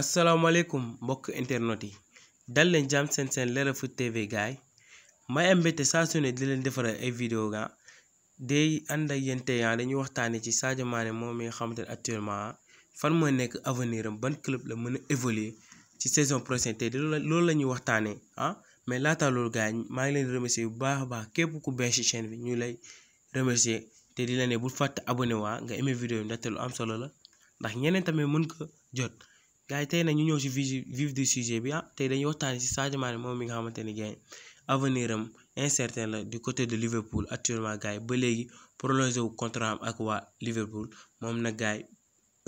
asalaamaaleykum mbokk internet yi dal leen jàmm seen seen Leral Foot TV gaay may am mbégte saa su di leen defaral ay vidéo ga day ànd ak yéen tey ah, dañuy waxtaanee ci Sadio Mané moom mi nga xamante ne actuellement fan moo nekk avenir am ban club la mën a évoluer ci saison prochaine tey loolu la ñuy waxtaanee ah mais laata loolu gaay maa ngi leen di bu baax a baax képp ku bees ci bi ñu lay remercier te di la ne bul fàtte abonné waa nga aimé vidéo yi ndaxte lu am solo la ndax ñeneen tamit mën ko jot. gars yi tey nag ñu ñëw si vif du sujet bi ah tey dañuy waxtaanee si Sadio Mané moom mi nga xamante ni gars yi avenir am incertain la du côté de Liverpool actuellement gars yi ba léegi prolongé wu contrat am ak waa Liverpool moom nag gars yi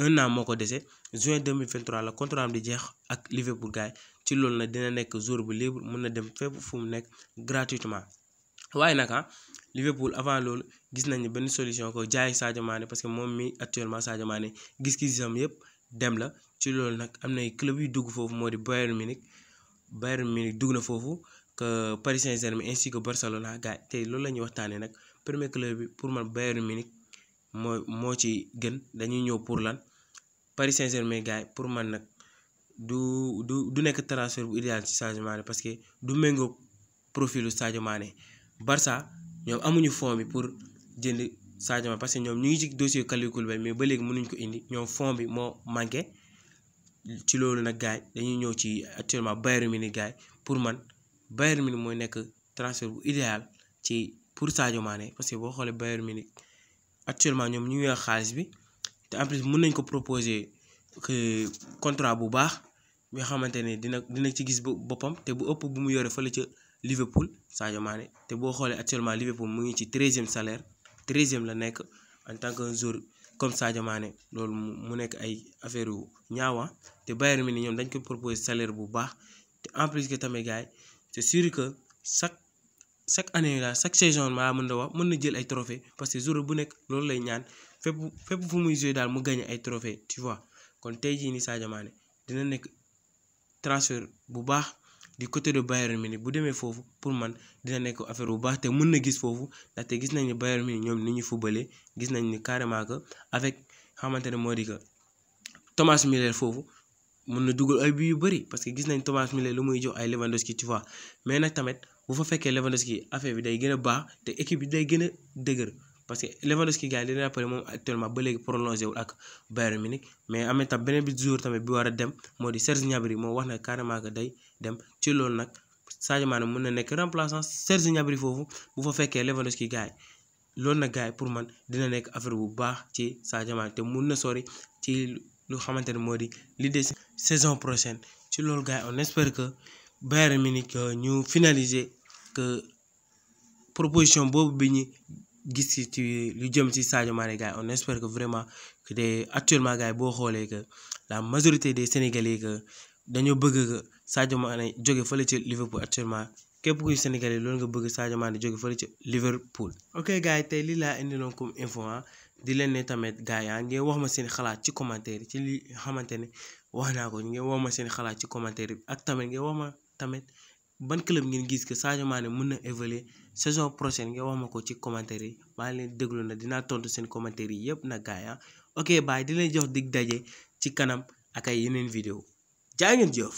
un an moo ko dese juin 2023 la contrat am di jeex ak Liverpool gars yi ci loolu na dina nekk jour bu libre mun na dem fépp fu mu nekk gratuitement. waaye nag ah Liverpool avant loolu gis nañu benn solution ko jaay Sadio Mané parce que moom mi actuellement Sadio Mané gis-gisam yëpp dem la ci loolu nag am na club yu dugg foofu moo di Bayern Munich Bayern Munich dugg na foofu que Paris Saint-Germain ainsi que Barcelona gars tey loolu la ñuy waxtaanee nag premier club bi pour man Bayern Munich moo moo ci gën dañuy ñëw pour lan Paris Saint-Germain gars pour man nag du du du nekk transfert bu idéal ci Sadio Mané parce que du méngoo profilu Sadio Mané Barça ñoom amuñu fond bi pour jënd. Sadio Mané parce que ñoom ñu ngi ci dossier Kalidou Koulibaly mais ba léegi mënuñ ko indi ñoom fond bi moo manqué ci loolu nag gars dañuy ñëw ci actuellement Bayern Munich gars pour man Bayern Munich mooy nekk transfert bu ci pour Sadio Mané parce que boo xoolee Bayern Munich actuellement ñoom ñu ngi yor xaalis bi te en plus nañ ko proposer contrat bu baax nga xamante ne dina dina ci gis boppam te bu ëpp mu yore fële ca Liverpool Sadio Mané te boo xoolee actuellement Liverpool mu ngi ci treizième salaire. treizième la nekk en tant que un joueur comme Sadio Mané loolu mu nekk ay affaire yu ñaawa ah. te Bayern mi ni ñoom dañ ko proposer salaire bu baax te en plus que tamit gars yi c'est sûr que chaque chaque année la chaque saison maa mën na wax mën na jël ay trophée parce que joueur bu nekk loolu lay ñaan fépp fépp fu muy jouer daal mu gagné ay trophée tu vois kon tey jii ni Sadio Mané dina nekk transfert bu baax di côté de Bayern Munich bu demee foofu pour man dina nekk affaire bu baax te mën na gis foofu ndaxte gis nañ ni Bayern Munich ñoom ni ñu fubalee gis nañ ni carrément que avec xamante ne moo di que Thomas Müller foofu mën na dugal ay bi yu bëri parce que gis nañ Thomas Müller lu muy jox ay Lewandowski tu vois mais nag tamit bu fa fekkee Lewandowski affaire bi day gën a baax te équipe bi day gën a dëgër. parce que Lewandowski gars yi li leen rappelé moom actuellement ba léegi prolongé ak Bayern Munich mais en même beneen bi jour tamit bi war a dem moo di Serge Gnabry moo wax na carrément que day dem ci loolu nag Sadio Mané mën na nekk remplaçant Serge Gnabry foofu bu fa fekkee Lewandowski gars yi lool na gars yi pour man dina nekk affaire bu baax ci Sadio Mané te mun na sori ci lu xamante ne moo di li de saison prochaine ci loolu gars yi on espère que Bayern Munich euh, gis ci lu jëm ci Sadio Mané gars on espère que vraiment que des actuellement gars yi boo xoolee que la majorité des sénégalais que dañoo bëgg que Sadio Mané jóge ci Liverpool actuellement képp kuy sénégalais loolu nga bëgg Sadio Mané jóge fële ci Liverpool. ok gars yi tey lii laa indiloon comme info ah. di leen tamit gars yi ah, ngeen wax ma seen xalaat ci commentaire ci li xamante ne wax naa ko ngeen wax ma seen xalaat ci commentaire bi ak tamit ngeen wax ma tamit. ban club ngeen gis que Sadio Mané mën na évoluer saison prochaine nga wax ma ko ci commentaire yi maa leen déglu na dina tontu seen commentaire yi yëpp na gars yi ah. ok bàyyi di leen jox dig daje ci kanam ak yeneen vidéo jaa ngeen jëf.